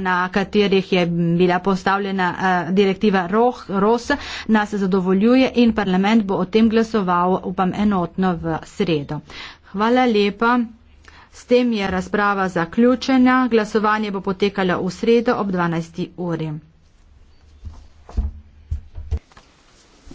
na katerih je bila postavljena eh, direktiva ROS, nas zadovoljuje in parlament bo o tem glasoval, upam, enotno v sredo. Hvala lepa. S tem je razprava zaključena. Glasovanje bo potekalo v sredo ob 12. uri.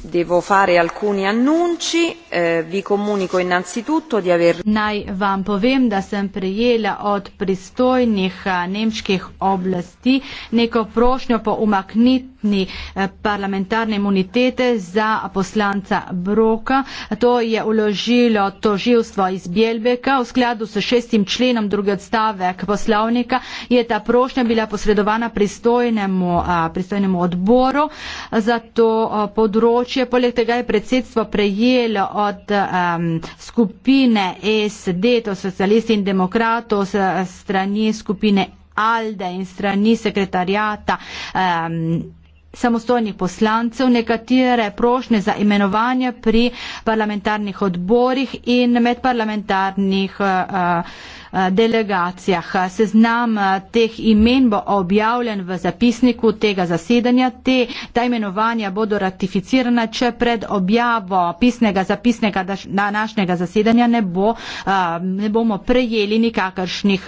Devo fare alcuni annunci. Eh, vi comunico innanzitutto di aver. Naj vam povem, da sem prejela od pristojnih eh, nemških oblasti neko prošnjo po umaknitni eh, parlamentarne imunitete za poslanca Broka. To je uložilo toživstvo iz Bjelbeka. V skladu s šestim členom drugi odstavek poslovnika je ta prošnja bila posredovana pristojnemu, eh, pristojnemu odboru za to področje Nemčija poleg tega je predsedstvo prejelo od um, skupine SD, to socialisti in demokratov, strani skupine ALDE in strani sekretarjata. Um, samostojnih poslancev, nekatere prošnje za imenovanje pri parlamentarnih odborih in medparlamentarnih uh, uh, Eh, delegacijah. Seznam eh, teh imen bo objavljen v zapisniku tega zasedanja. Te, ta imenovanja bodo ratificirana, če pred objavo pisnega zapisnega današnjega zasedanja ne, bo, eh, ne bomo prejeli nikakršnih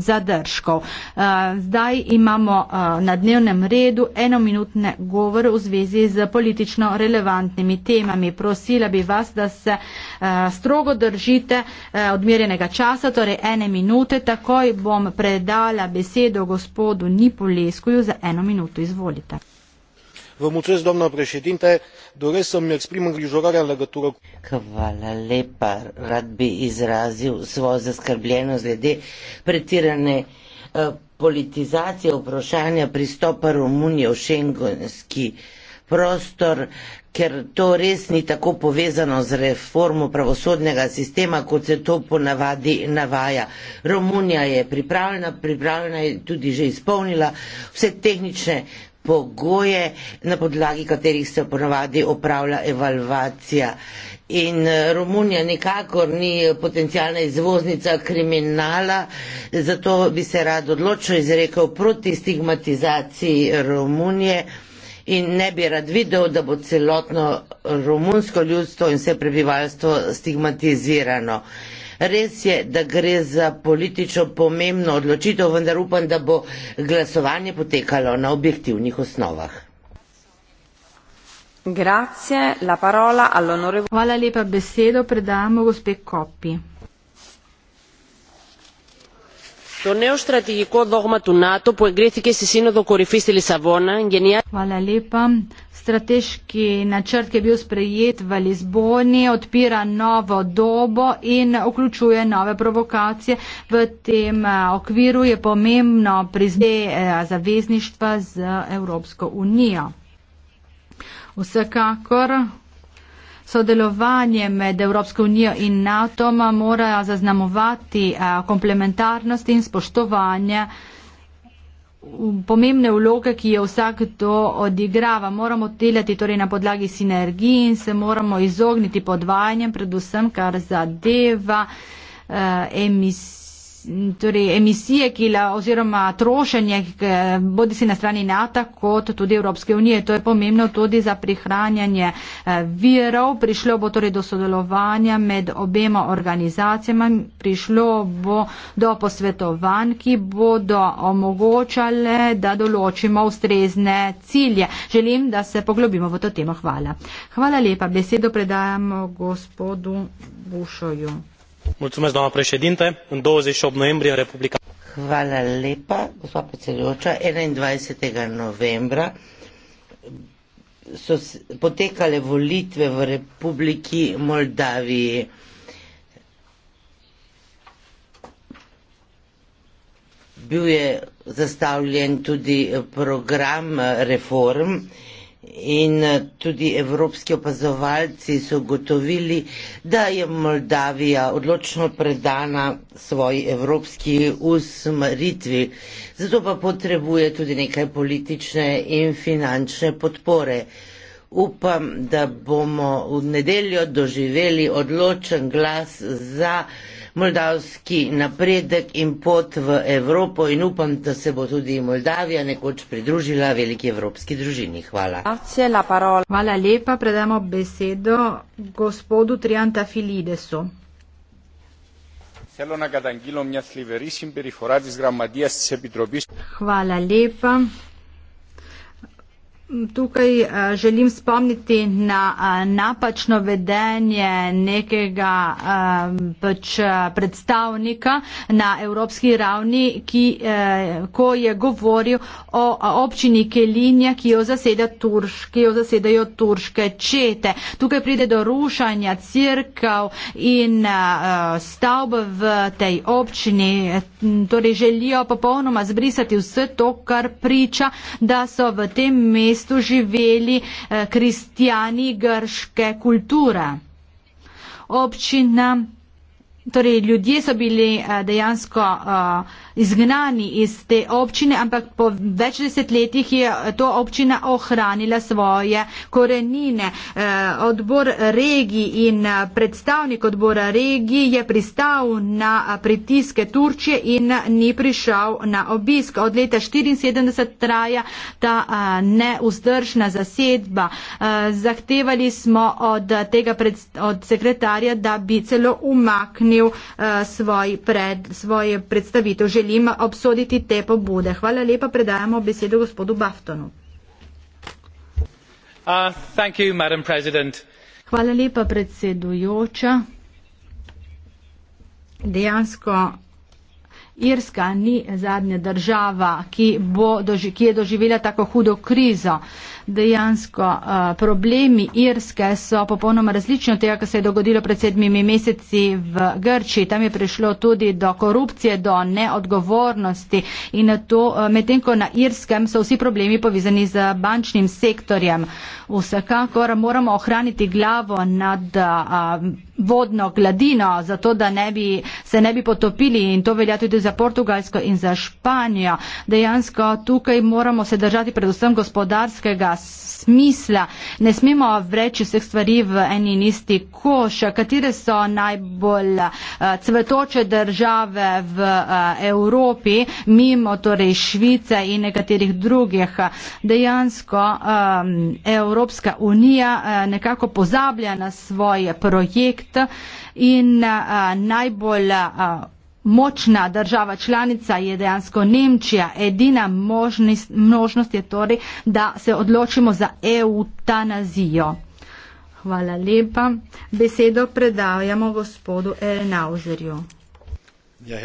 zadržkov. Zdaj imamo na dnevnem redu enominutne govore v zvezi z politično relevantnimi temami. Prosila bi vas, da se strogo držite odmerjenega časa, torej ene ene minute. Takoj bom predala besedo gospodu Nipoleskuju za eno minuto. Izvolite. Vă mulțumesc, doamna președinte. Doresc să-mi exprim îngrijorarea în legătură cu... Hvala lepa, rad bi izrazil svojo zaskrbljenost glede pretirane eh, politizacije vprašanja pristopa Romunije v šengonski prostor ker to res ni tako povezano z reformo pravosodnega sistema, kot se to ponavadi navaja. Romunija je pripravljena, pripravljena je tudi že izpolnila vse tehnične pogoje, na podlagi katerih se ponavadi opravlja evalvacija. In eh, Romunija nikakor ni potencijalna izvoznica kriminala, zato bi se rad odločno izrekel proti stigmatizaciji Romunije in ne bi rad videl, da bo celotno romunsko ljudstvo in vse prebivalstvo stigmatizirano. Res je, da gre za politično pomembno odločitev, vendar upam, da bo glasovanje potekalo na objektivnih osnovah. Grazie, la parola all'onorevole. Hvala lepa besedo predamo gospe Koppi. το νέο στρατηγικό δόγμα του ΝΑΤΟ που εγκρίθηκε στη Σύνοδο Κορυφή στη Λισαβόνα γενιά... strateški načrt, ki je bil sprejet v Lizboni, odpira novo dobo in vključuje nove provokacije. V tem eh, okviru je pomembno prizde eh, zavezništva z Evropsko unijo. Vsekakor. Sodelovanje med Evropsko unijo in NATO mora zaznamovati eh, komplementarnost in spoštovanje pomembne vloge, ki jo vsak to odigrava. Moramo delati torej na podlagi sinergij in se moramo izogniti podvajanjem, predvsem kar zadeva eh, emisije torej, emisije, ki la, oziroma trošenje, bodi si na strani NATO kot tudi Evropske unije. To je pomembno tudi za prihranjanje eh, virov. Prišlo bo torej do sodelovanja med obema organizacijama, prišlo bo do posvetovanj, ki bodo omogočale, da določimo ustrezne cilje. Želim, da se poglobimo v to temo. Hvala. Hvala lepa. Besedo predajamo gospodu Bušoju în douăzeci și opt noiembrie în republica. enaindvajset novembra so potekale volitve v republiki moldaviji. Bil je zastavljen tudi program eh, reform, In eh, tudi evropski opazovalci so ugotovili, da je Moldavija odločno predana svoji evropski usmeritvi, zato pa potrebuje tudi nekaj politične in finančne podpore. Upam, da bomo v nedeljo doživeli odločen glas za moldavski napredek in pot v Evropo in upam, da se bo tudi Moldavija nekoč pridružila veliki evropski družini. Hvala. Hvala lepa, predamo besedo gospodu Trianta Filidesu. Hvala lepa. Tukaj eh, želim spomniti na eh, napačno vedenje nekega eh, pač predstavnika na evropski ravni, ki, ko je govoril o občini Kelinja, ki jo, zaseda Turš, ki jo zasedajo turške čete. Tukaj pride do rušanja crkav in stavb v tej občini. Torej želijo popolnoma zbrisati vse to, kar priča, da so v tem mestu mestu živeli eh, kristijani grške kulture. Občina, torej ljudje so bili eh, dejansko uh, izgnani iz te občine, ampak po več desetletjih je to občina ohranila svoje korenine. Eh, odbor regij in eh, predstavnik odbora regij je pristal na eh, pritiske Turčije in ni prišel na obisk. Od leta 1974 traja ta neuzdržna zasedba. Zahtevali smo od tega od sekretarja, da bi celo umaknil svoj pred, svoje predstavitev želje želim obsoditi te pobude. Hvala lepa, predajamo besedo gospodu Baftonu. Uh, you, Hvala lepa, predsedujoča. Dejansko Irska ni zadnja država, ki, doži, ki je doživela tako hudo krizo. Dejansko uh, problemi Irske so popolnoma različni od tega, kar se je dogodilo pred sedmimi meseci v Grčiji. Tam je prišlo tudi do korupcije, do neodgovornosti in to uh, medtem, ko na Irskem so vsi problemi povezani z bančnim sektorjem. Vsekakor moramo ohraniti glavo nad. Uh, vodno gladino, zato da ne bi, se ne bi potopili in to velja tudi za Portugalsko in za Španijo. Dejansko tukaj moramo se držati predvsem gospodarskega smisla. Ne smemo vreči vseh stvari v eni in isti koš. Katere so najbolj eh, cvetoče države v eh, Evropi, mimo torej Švice in nekaterih drugih? Dejansko ehm, Evropska unija eh, nekako pozablja na svoj projekt in najbolj močna država članica je dejansko Nemčija. Edina možnost, možnost je torej, da se odločimo za eutanazijo. Hvala lepa. Besedo predavljamo gospodu Elnauzerju. Ja,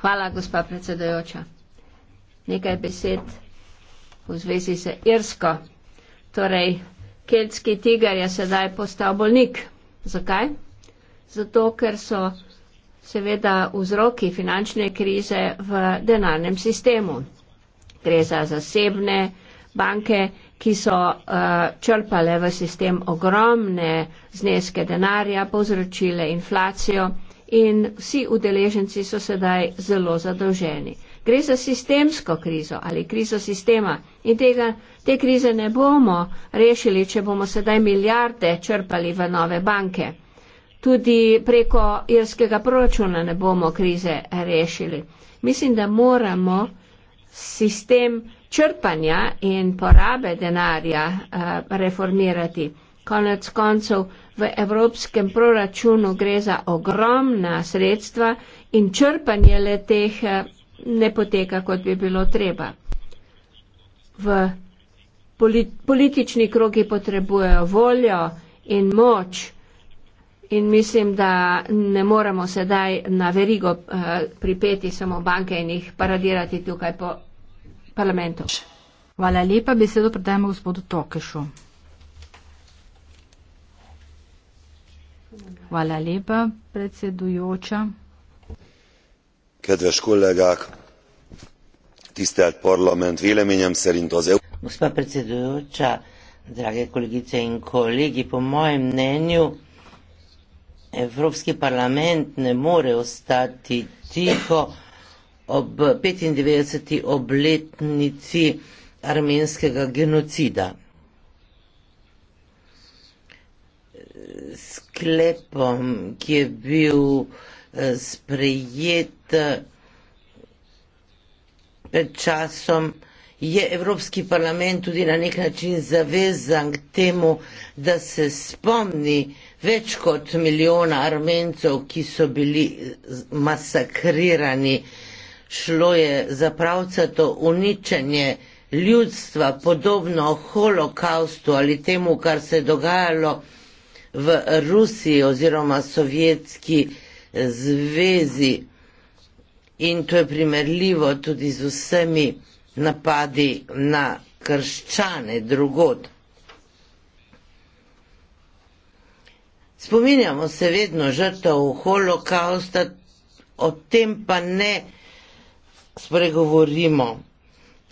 Hvala, gospa predsedojoča. Nekaj besed v zvezi z Irsko. Torej, keltski tiger je sedaj postal bolnik. Zakaj? Zato, ker so seveda vzroki finančne krize v denarnem sistemu. Gre za zasebne banke, ki so uh, črpale v sistem ogromne zneske denarja, povzročile inflacijo in vsi udeleženci so sedaj zelo zadolženi. Gre za sistemsko krizo ali krizo sistema in tega, te krize ne bomo rešili, če bomo sedaj milijarde črpali v nove banke tudi preko irskega proračuna ne bomo krize rešili. Mislim, da moramo sistem črpanja in porabe denarja eh, reformirati. Konec koncev v evropskem proračunu gre za ogromna sredstva in črpanje le teh eh, ne poteka, kot bi bilo treba. V politični krogi potrebujejo voljo in moč In mislim, da ne moremo sedaj na verigo eh, pripeti samo banke in jih paradirati tukaj po parlamentu. Hvala lepa, besedo predajmo gospodu Tokešu. Hvala lepa, predsedujoča. Kedves kollégák, tisztelt parlament, véleményem szerint az EU... Gospa predsedujoča, drage kolegice in kolegi, po mojem mnenju, Evropski parlament ne more ostati tiho ob 95. obletnici armenskega genocida. Sklepom, ki je bil eh, sprejet eh, pred časom, je Evropski parlament tudi na nek način zavezan k temu, da se spomni več kot milijona Armencev, ki so bili masakrirani. Šlo je za pravcato uničenje ljudstva, podobno holokaustu ali temu, kar se je dogajalo v Rusiji oziroma Sovjetski zvezi. In to je primerljivo tudi z vsemi napadi na krščane drugod. Spominjamo se vedno žrtev holokausta, o tem pa ne spregovorimo.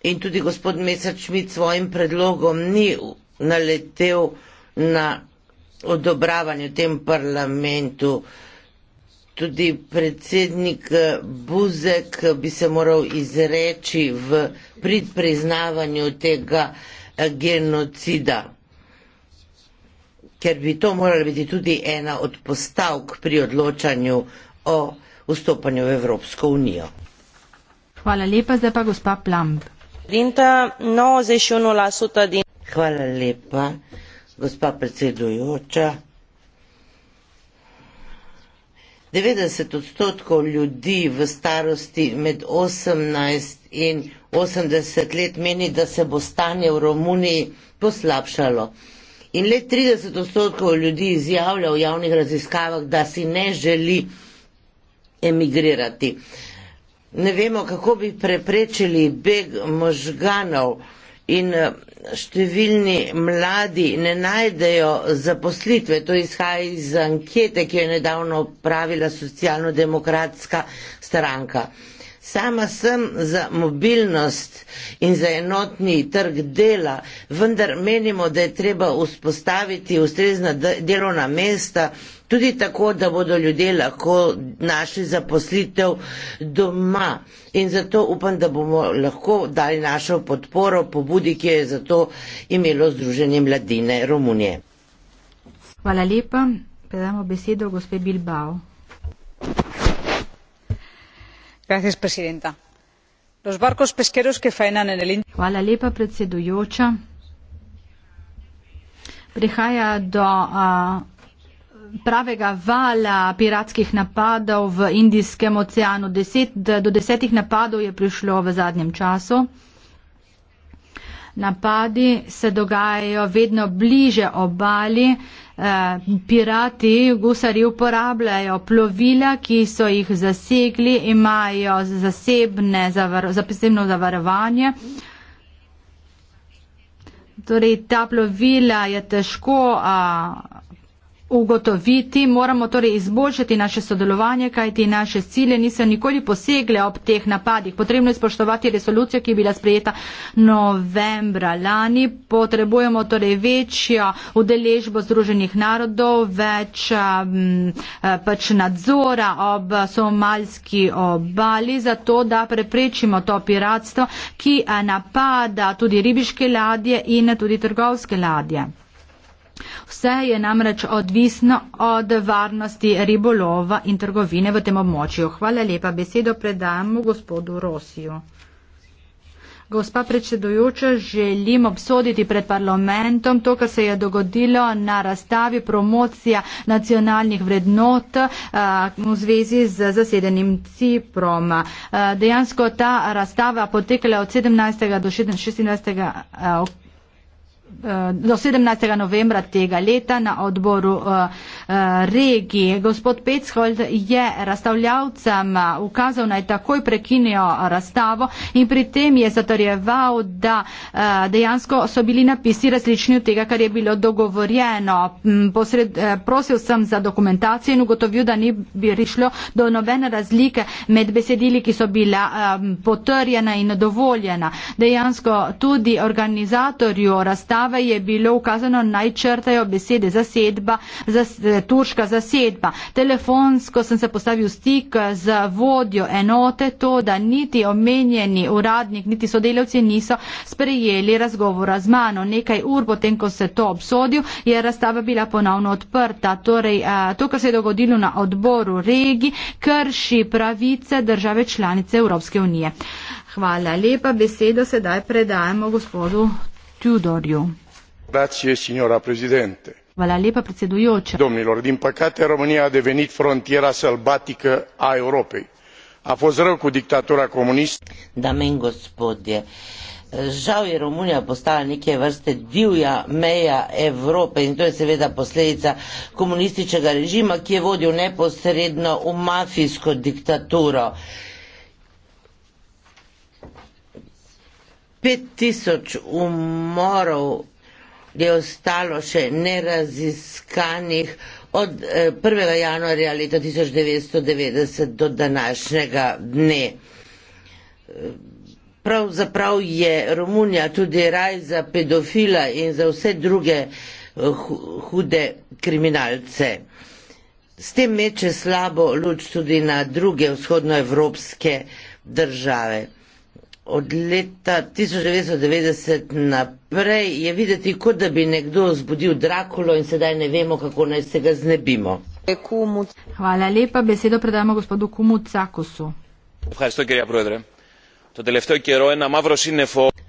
In tudi gospod Mesačmit svojim predlogom ni naletel na odobravanje v tem parlamentu. Tudi predsednik Buzek bi se moral izreči v prid priznavanju tega genocida ker bi to morala biti tudi ena od postavk pri odločanju o vstopanju v Evropsko unijo. Hvala lepa, zdaj pa gospa Plamb. Hvala lepa, gospa predsedujoča. 90 odstotkov ljudi v starosti med 18 in 80 let meni, da se bo stanje v Romuniji poslabšalo. In le 30 odstotkov ljudi izjavlja v javnih raziskavah, da si ne želi emigrirati. Ne vemo, kako bi preprečili beg možganov in eh, številni mladi ne najdejo zaposlitve. To izhaja iz ankete, ki jo je nedavno pravila socialno-demokratska stranka. Sama sem za mobilnost in za enotni trg dela, vendar menimo, da je treba vzpostaviti ustrezna delovna mesta tudi tako, da bodo ljudje lahko našli zaposlitev doma. In zato upam, da bomo lahko dali našo podporo pobudi, ki je zato imelo Združenje mladine Romunije. Hvala lepa. Predamo besedo gospe Bilbao señora presidenta los barcos pesqueros que faenan en el índico. prihaja do uh, pravega vala piratskih napadov v indijskem oceanu deset do desetih napadov je prišlo v zadnjem času. Napadi se dogajajo vedno bliže obali. Eh, pirati, gusari uporabljajo plovila, ki so jih zasegli, imajo zasebne zapisemno zavarovanje. Torej, ta plovila je težko a, ugotoviti, moramo torej izboljšati naše sodelovanje, kajti naše cilje niso nikoli posegle ob teh napadih. Potrebno je spoštovati resolucijo, ki je bila sprejeta novembra lani. Potrebujemo torej večjo udeležbo Združenih narodov, več um, eh, pač nadzora ob somalski obali, zato da preprečimo to piratstvo, ki eh, napada tudi ribiške ladje in tudi trgovske ladje. Vse je namreč odvisno od varnosti ribolova in trgovine v tem območju. Hvala lepa. Besedo predam gospodu Rosiju. Gospa predsedujoča, želim obsoditi pred parlamentom to, kar se je dogodilo na razstavi promocija nacionalnih vrednot eh, v zvezi z zasedenim Ciprom. Eh, dejansko ta razstava potekala od 17. do 16. oktobra. Eh, do 17. novembra tega leta na odboru eh, eh, regije. Gospod Petzhold je razstavljavcem ukazal naj takoj prekinijo razstavo in pri tem je zatorjeval, da dejansko so bili napisi različni od tega, kar je bilo dogovorjeno. Mm, posred, prosil sem za dokumentacijo in ugotovil, da ni bi prišlo do nobene razlike med besedili, ki so bila potrjena in dovoljena. Dejansko tudi organizatorju razstavljajo države je bilo ukazano naj črtajo besede zasedba, zas, eh, turška zasedba. Telefonsko sem se postavil stik z vodjo enote, to da niti omenjeni uradnik, niti sodelavci niso sprejeli razgovora z mano. Nekaj ur potem, ko se to obsodil, je razstava bila ponovno odprta. Torej, eh, to, kar se je dogodilo na odboru regi, krši pravice države članice Evropske unije. Hvala lepa, besedo sedaj predajamo gospodu tudorju. Hvala lepa, predsedujoča. Domnilor, din păcate, România a devenit frontiera sălbatică a Europei. A fost rău cu dictatura comunistă. Dame in gospodje, žal je Romunija postala neke vrste divja meja Evrope in to je seveda posledica komunističnega režima, ki je vodil neposredno v mafijsko diktaturo. 5000 umorov je ostalo še neraziskanih od 1. Eh, januarja leta 1990 do današnjega dne. Pravzaprav je Romunija tudi raj za pedofila in za vse druge eh, hude kriminalce. S tem meče slabo luč tudi na druge vzhodnoevropske države od leta 1990 naprej je videti, kot da bi nekdo zbudil Drakulo in sedaj ne vemo, kako naj se ga znebimo. Hvala lepa, besedo predajamo gospodu Kumu Cakusu.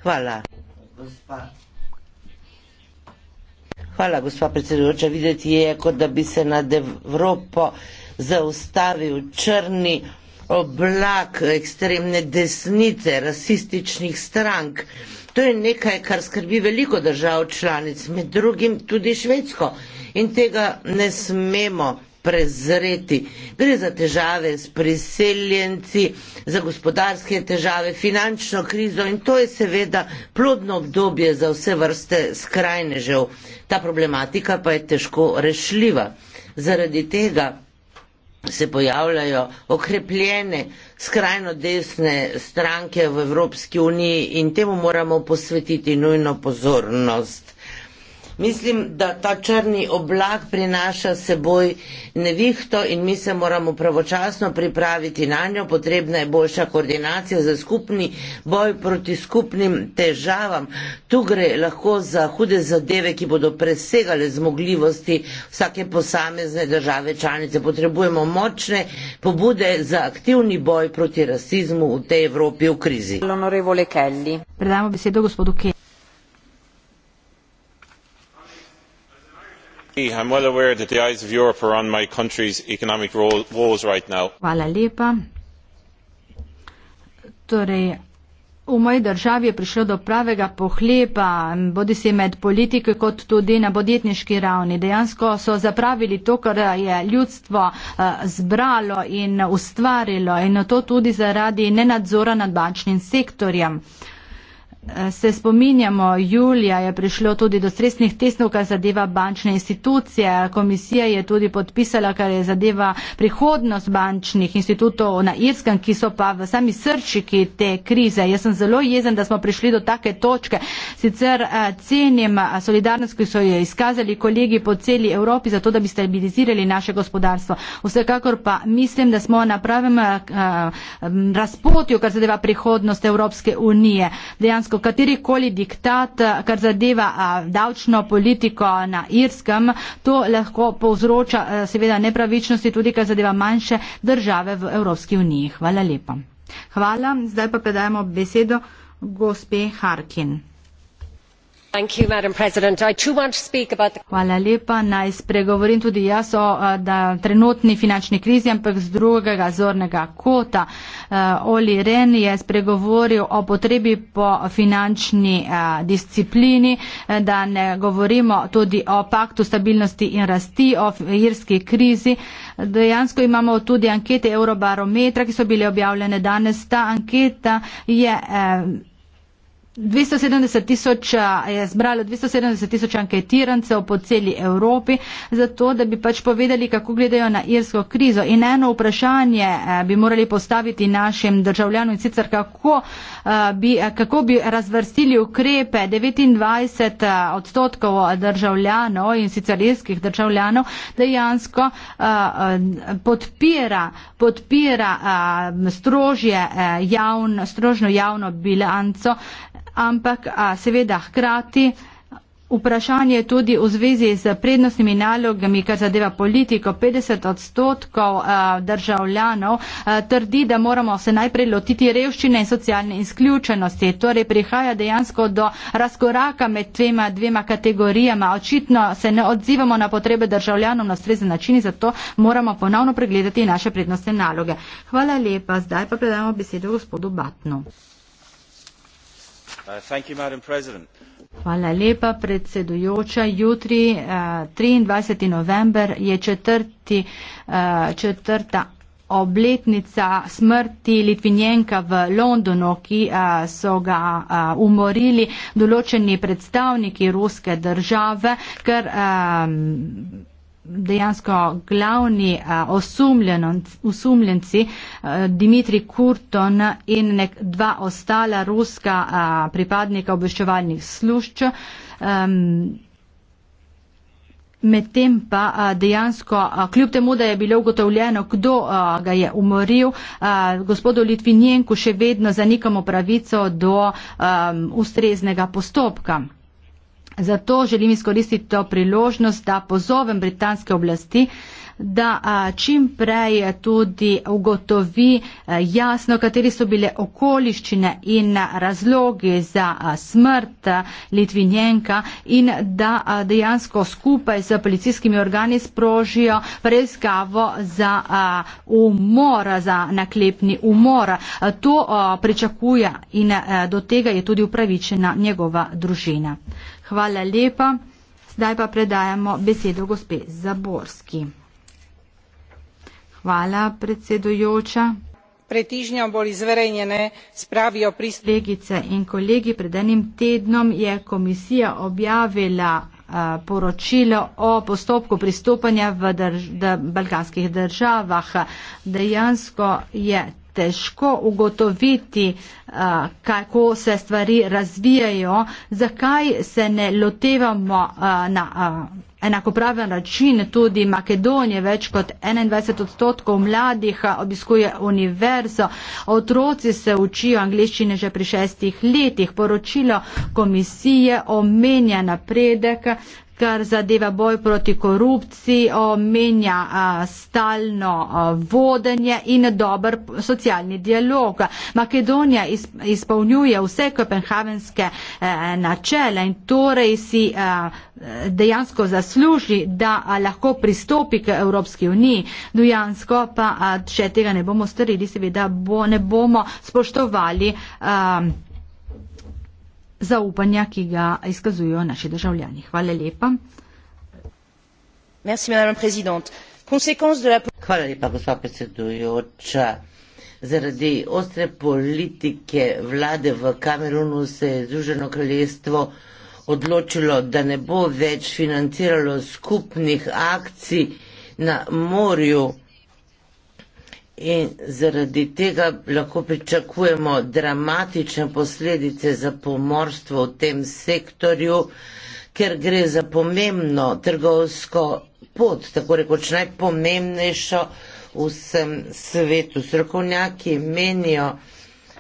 Hvala. Hvala, gospa predsedujoča. Videti je, kot da bi se nad Evropo zaustavil črni oblak ekstremne desnice, rasističnih strank. To je nekaj, kar skrbi veliko držav članic, med drugim tudi Švedsko. In tega ne smemo prezreti. Gre za težave s priseljenci, za gospodarske težave, finančno krizo in to je seveda plodno obdobje za vse vrste skrajnežev. Ta problematika pa je težko rešljiva. Zaradi tega se pojavljajo okrepljene skrajno desne stranke v Evropski uniji in temu moramo posvetiti nujno pozornost. Mislim, da ta črni oblak prinaša s seboj nevihto in mi se moramo pravočasno pripraviti na njo. Potrebna je boljša koordinacija za skupni boj proti skupnim težavam. Tu gre lahko za hude zadeve, ki bodo presegale zmogljivosti vsake posamezne države članice. Potrebujemo močne pobude za aktivni boj proti rasizmu v tej Evropi v krizi. Predamo besedo gospodu Kej. E, I'm well aware that the eyes of Europe are on my country's economic woes right now. Hvala lepa. Torej, v moji državi je prišlo do pravega pohlepa, bodi se med politiko kot tudi na podjetniški ravni. Dejansko so zapravili to, kar je ljudstvo eh, zbralo in ustvarilo in to tudi zaradi nenadzora nad bančnim sektorjem. Se spominjamo, julija je prišlo tudi do stresnih testov, kar zadeva bančne institucije. Komisija je tudi podpisala, kar je zadeva prihodnost bančnih institutov na Irskem, ki so pa v sami srčiki te krize. Jaz sem zelo jezen, da smo prišli do take točke. Sicer eh, cenim eh, solidarnost, ki so jo izkazali kolegi po celi Evropi, zato da bi stabilizirali naše gospodarstvo. Vsekakor pa mislim, da smo na pravem eh, razpotju, kar zadeva prihodnost Evropske unije. Dejansko dejansko katerikoli diktat, kar zadeva davčno politiko na Irskem, to lahko povzroča seveda nepravičnosti tudi, kar zadeva manjše države v Evropski uniji. Hvala lepa. Hvala, zdaj pa predajamo besedo gospe Harkin hvala lepa naj spregovorim tudi jaz o trenutni finančni krizi ampak z drugega zornega kota Oli Ren je spregovoril o potrebi po finančni disciplini da ne govorimo tudi o paktu stabilnosti in rasti o irski krizi dejansko imamo tudi ankete eurobarometra ki so bile objavljene danes ta anketa je 270 tisoč je zbralo 270 tisoč anketirancev po celi Evropi, zato da bi pač povedali, kako gledajo na irsko krizo. In eno vprašanje bi morali postaviti našim državljanom in sicer, kako bi, kako bi razvrstili ukrepe 29 odstotkov državljanov in sicer irskih državljanov dejansko podpira, podpira strožje javno, strožno javno bilanco ampak a, seveda hkrati vprašanje tudi v zvezi z prednostnimi nalogami, kar zadeva politiko, 50 odstotkov a, državljanov a, trdi, da moramo se najprej lotiti revščine in socialne izključenosti. Torej prihaja dejansko do razkoraka med tvema dvema kategorijama. Očitno se ne odzivamo na potrebe državljanov na strezen način in zato moramo ponovno pregledati naše prednostne naloge. Hvala lepa. Zdaj pa predajamo besedo gospodu Batnu. Uh, Hvala lepa, predsedujoča. Jutri, uh, 23. november, je četrti, uh, četrta obletnica smrti Litvinjenka v Londonu, ki uh, so ga uh, umorili določeni predstavniki ruske države, ker. Um, dejansko glavni eh, osumljenci eh, Dimitri Kurton in nek dva ostala ruska eh, pripadnika obveščevalnih služč. Ehm, medtem pa dejansko, kljub temu, da je bilo ugotovljeno, kdo ga je umoril, gospodu Litvinjenku še vedno zanikamo pravico do ehm, ustreznega postopka. Zato želim izkoristiti to priložnost, da pozovem britanske oblasti, da čim prej tudi ugotovi jasno, kateri so bile okoliščine in razlogi za smrt Litvinjenka in da dejansko skupaj z policijskimi organi sprožijo preiskavo za umor, za naklepni umor. To pričakuje in do tega je tudi upravičena njegova družina. Hvala lepa. Zdaj pa predajamo besedo gospe Zaborski. Hvala, predsedujoča. Pretižnjo bolj izverenjene spravijo pristop. Kolegice in kolegi, pred enim tednom je komisija objavila eh, poročilo o postopku pristopanja v drž balkanskih državah. Dejansko je težko ugotoviti, kako se stvari razvijajo, zakaj se ne lotevamo na enakopraven račin. Tudi Makedonije več kot 21 odstotkov mladih obiskuje univerzo, otroci se učijo angliščine že pri šestih letih. Poročilo komisije omenja napredek, kar zadeva boj proti korupciji, omenja stalno vodenje in dober socialni dialog. Makedonija izpolnjuje vse kopenhavenske načele in torej si dejansko zasluži, da lahko pristopi k Evropski uniji. Dujansko pa, če tega ne bomo storili, seveda bo, ne bomo spoštovali. Um, zaupanja, ki ga izkazujejo naši državljani. Hvala lepa. Merci, Hvala lepa, gospa predsedujoča. Zaradi ostre politike vlade v Kamerunu se je Združeno kraljestvo odločilo, da ne bo več financiralo skupnih akcij na morju in zaradi tega lahko pričakujemo dramatične posledice za pomorstvo v tem sektorju, ker gre za pomembno trgovsko pot, tako rekoč najpomembnejšo v vsem svetu. Srokovnjaki menijo,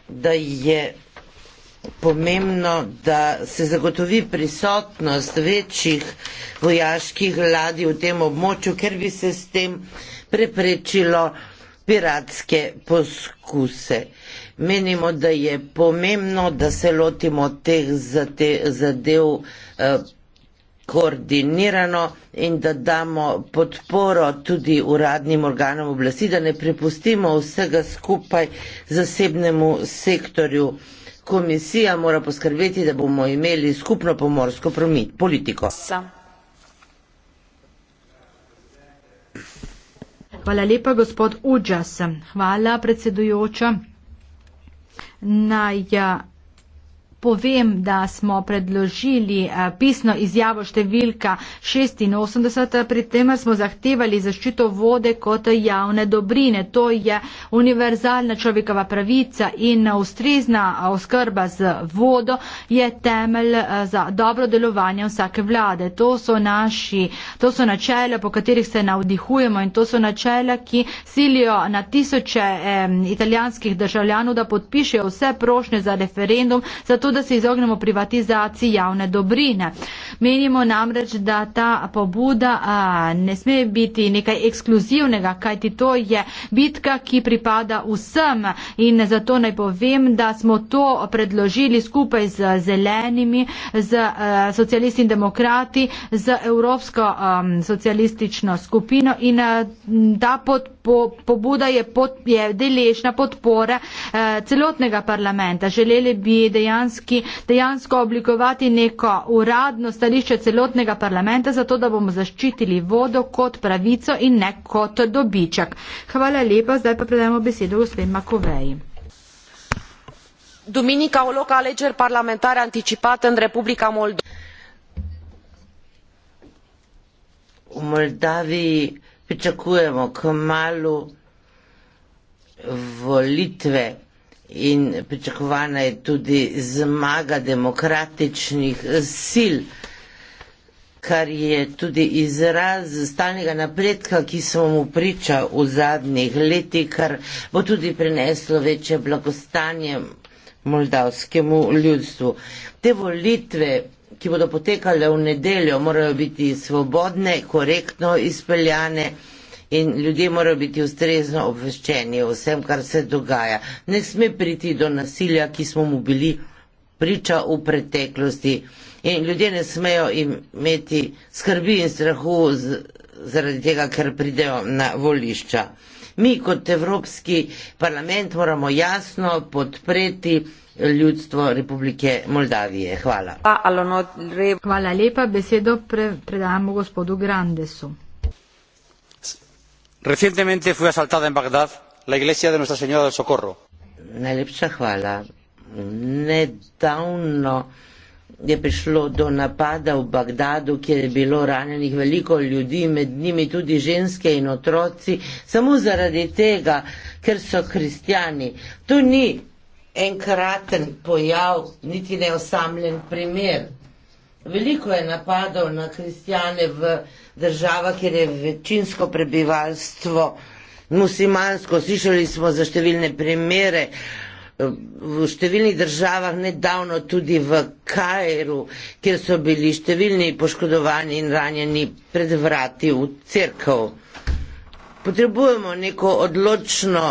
da je pomembno, da se zagotovi prisotnost večjih vojaških ladij v tem območju, ker bi se s tem preprečilo piratske poskuse. Menimo, da je pomembno, da se lotimo teh zadev eh, koordinirano in da damo podporo tudi uradnim organom oblasti, da ne prepustimo vsega skupaj zasebnemu sektorju. Komisija mora poskrbeti, da bomo imeli skupno pomorsko politiko. Sam. Hvala lepa, gospod Uđas. Hvala, predsedujoča. Naj ja povem, da smo predložili eh, pisno izjavo številka 86, eh, pri tem smo zahtevali zaščito vode kot javne dobrine. To je univerzalna človekova pravica in ustrezna oskrba z vodo je temelj eh, za dobro delovanje vsake vlade. To so, naši, to so načela, po katerih se navdihujemo in to so načela, ki silijo na tisoče eh, italijanskih državljanov, da podpišejo vse prošnje za referendum. Za da se izognemo privatizaciji javne dobrine. Menimo namreč, da ta pobuda a, ne sme biti nekaj ekskluzivnega, kajti to je bitka, ki pripada vsem in zato naj povem, da smo to predložili skupaj z zelenimi, z a, socialisti in demokrati, z Evropsko a, socialistično skupino in a, ta pod, po, pobuda je, pod, je deležna podpore a, celotnega parlamenta. Želeli bi dejansko trenutki dejansko oblikovati neko uradno stališče celotnega parlamenta, zato da bomo zaščitili vodo kot pravico in ne kot dobiček. Hvala lepa, zdaj pa predajmo besedo gospodinu Makoveji. Duminica o loc alegeri parlamentare anticipate în Republica Moldova. În Moldavii pricecuem o cămalu volitve in pričakovana je tudi zmaga demokratičnih sil, kar je tudi izraz stalnega napredka, ki smo mu priča v zadnjih letih, kar bo tudi prineslo večje blagostanje moldavskemu ljudstvu. Te volitve, ki bodo potekale v nedeljo, morajo biti svobodne, korektno izpeljane in ljudje morajo biti ustrezno obveščeni o vsem, kar se dogaja. Ne sme priti do nasilja, ki smo mu bili priča v preteklosti in ljudje ne smejo imeti skrbi in strahu z, zaradi tega, ker pridejo na volišča. Mi kot Evropski parlament moramo jasno podpreti ljudstvo Republike Moldavije. Hvala. Hvala lepa. Besedo pre, predamo gospodu Grandesu recientemente fue asaltada en bagdad la iglesia de nuestra señora del socorro. Najlepša hvala. Nedavno je prišlo do napada v Bagdadu, kjer je bilo ranjenih veliko ljudi, med njimi tudi ženske in otroci, samo zaradi tega, ker so kristijani. To ni enkraten pojav, niti neosamljen primer. Veliko je napadov na kristijane v Bagdadu država, kjer je večinsko prebivalstvo muslimansko. Slišali smo za številne primere eh, v številnih državah, nedavno tudi v Kajru, kjer so bili številni poškodovani in ranjeni pred vrati v crkv. Potrebujemo neko odločno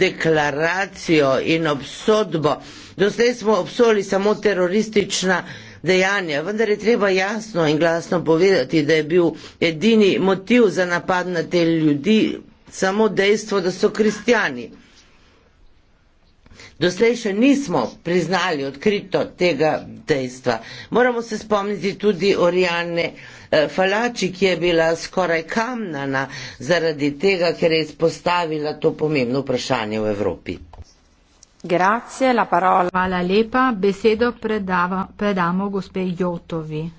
deklaracijo in obsodbo. Doslej smo obsodili samo teroristična dejanja, vendar je treba jasno in glasno povedati, da je bil edini motiv za napad na te ljudi samo dejstvo, da so kristijani. Doslej še nismo priznali odkrito tega dejstva. Moramo se spomniti tudi Orijane eh, Falači, ki je bila skoraj kamnana zaradi tega, ker je izpostavila to pomembno vprašanje v Evropi. Grazie, la parola. Hvala lepa. Besedo predava, predamo gospe Jotovi.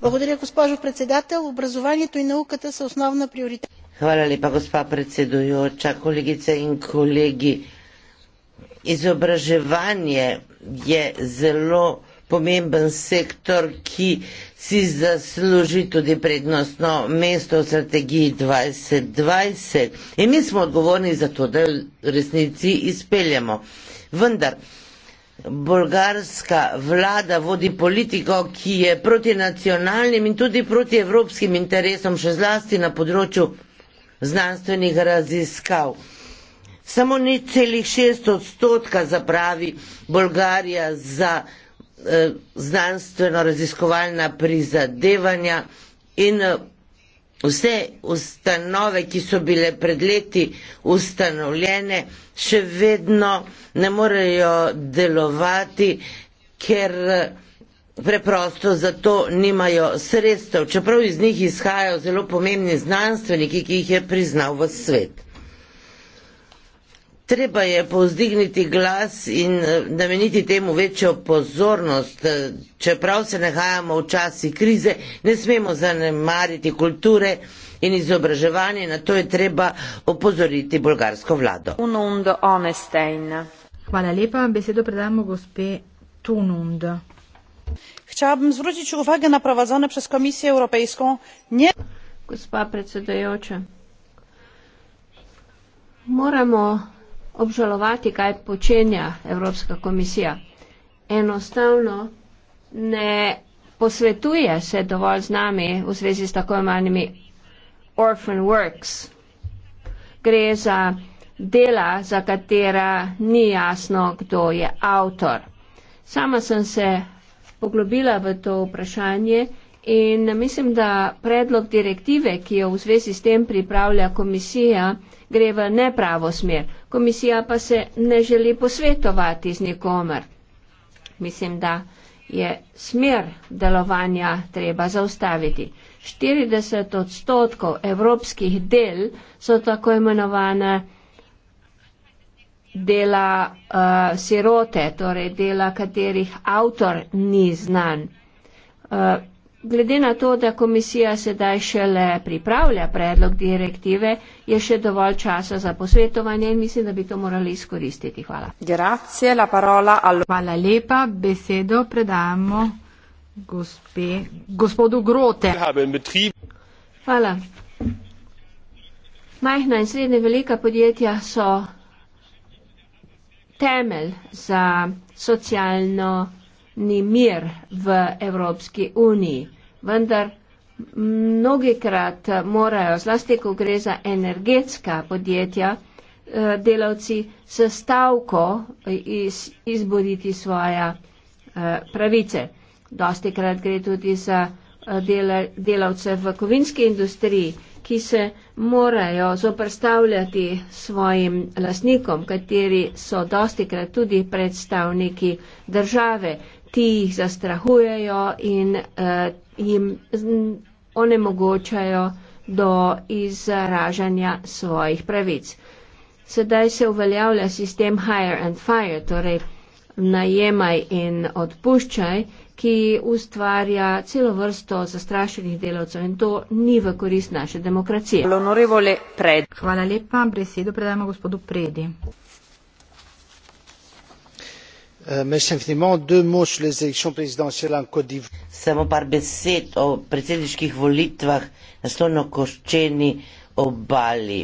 Благодаря, госпожо председател. Образованието и науката са основна приоритет. Хвала лепа, госпа председуюча, колегица и колеги. Изображение е зело pomemben sektor, ki si zasluži tudi prednostno mesto v strategiji 2020. In mi smo odgovorni za to, da jo v resnici izpeljamo. Vendar, bolgarska vlada vodi politiko, ki je proti nacionalnim in tudi proti evropskim interesom, še zlasti na področju znanstvenih raziskav. Samo ni celih šest odstotka zapravi Bolgarija za Eh, znanstveno-raziskovalna prizadevanja in eh, vse ustanove, ki so bile pred leti ustanovljene, še vedno ne morejo delovati, ker eh, preprosto zato nimajo sredstev, čeprav iz njih izhajajo zelo pomembni znanstveniki, ki jih je priznal v svet. Treba je povzdigniti glas in eh, nameniti temu večjo pozornost. Eh, čeprav se nahajamo v časi krize, ne smemo zanemariti kulture in izobraževanje, na to je treba opozoriti bolgarsko vlado. Hvala lepa, besedo predamo gospe Tunund. Hčabim zvrčiti uvage na pravazone prez Komisijo Evropejsko. Nje... Gospa predsedojoča, moramo obžalovati, kaj počenja Evropska komisija. Enostavno ne posvetuje se dovolj z nami v zvezi s tako imenimi orphan works. Gre za dela, za katera ni jasno, kdo je avtor. Sama sem se poglobila v to vprašanje in mislim, da predlog direktive, ki jo v zvezi s tem pripravlja komisija, gre v nepravo smer. Komisija pa se ne želi posvetovati z nikomer. Mislim, da je smer delovanja treba zaustaviti. 40 odstotkov evropskih del so tako imenovane dela uh, sirote, torej dela, katerih avtor ni znan. Uh, glede na to, da komisija sedaj šele pripravlja predlog direktive, je še dovolj časa za posvetovanje in mislim, da bi to morali izkoristiti. Hvala. Grazie, parola, al... Hvala lepa. Besedo predajamo gospe, gospodu Grote. Hvala. Majhna in srednje velika podjetja so temelj za socialno ni mir v Evropski uniji vendar mnogikrat morajo, zlasti ko gre za energetska podjetja, eh, delavci s stavko iz, izboriti svoje eh, pravice. Dosti krat gre tudi za eh, delavce v kovinski industriji, ki se morajo zoprstavljati svojim lasnikom, kateri so dosti krat tudi predstavniki države. Ti jih zastrahujejo in eh, jim onemogočajo do izražanja svojih pravic. Sedaj se uveljavlja sistem hire and fire, torej najemaj in odpuščaj, ki ustvarja celo vrsto zastrašenih delavcev in to ni v korist naše demokracije. Hvala lepa, besedo predajamo gospodu Predi. Euh, mes sentiments deux mots sur les élections présidentielles en Côte d'Ivoire Samo par besed o predsedniških volitvah na slono koščeni obali.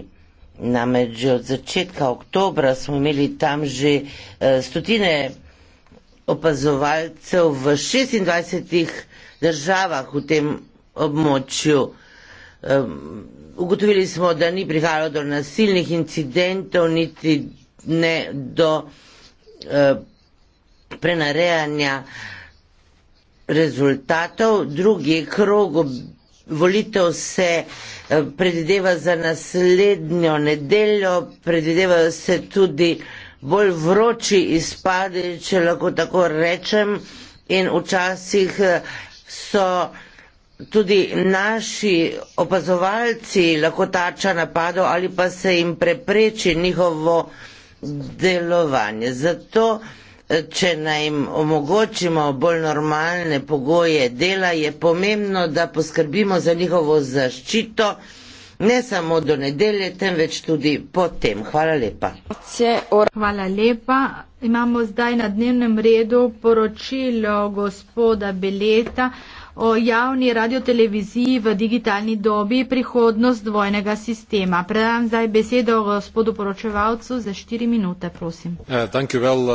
Namreč od začetka oktobra smo imeli tam že eh, stotine opazovalcev v 26 državah v tem območju. Ugotovili smo, da ni prihajalo do nasilnih incidentov, niti ne do eh, prenarejanja rezultatov. Drugi krog volitev se eh, predvideva za naslednjo nedeljo, predvidevajo se tudi bolj vroči izpadi, če lahko tako rečem, in včasih eh, so tudi naši opazovalci lahko tača napadov ali pa se jim prepreči njihovo delovanje. Zato če naj jim omogočimo bolj normalne pogoje dela, je pomembno, da poskrbimo za njihovo zaščito ne samo do nedelje, temveč tudi potem. Hvala lepa. Hvala lepa. Imamo zdaj na dnevnem redu poročilo gospoda Beleta o javni radioteleviziji v digitalni dobi prihodnost dvojnega sistema. Predam zdaj besedo gospodu poročevalcu za štiri minute, prosim. Uh,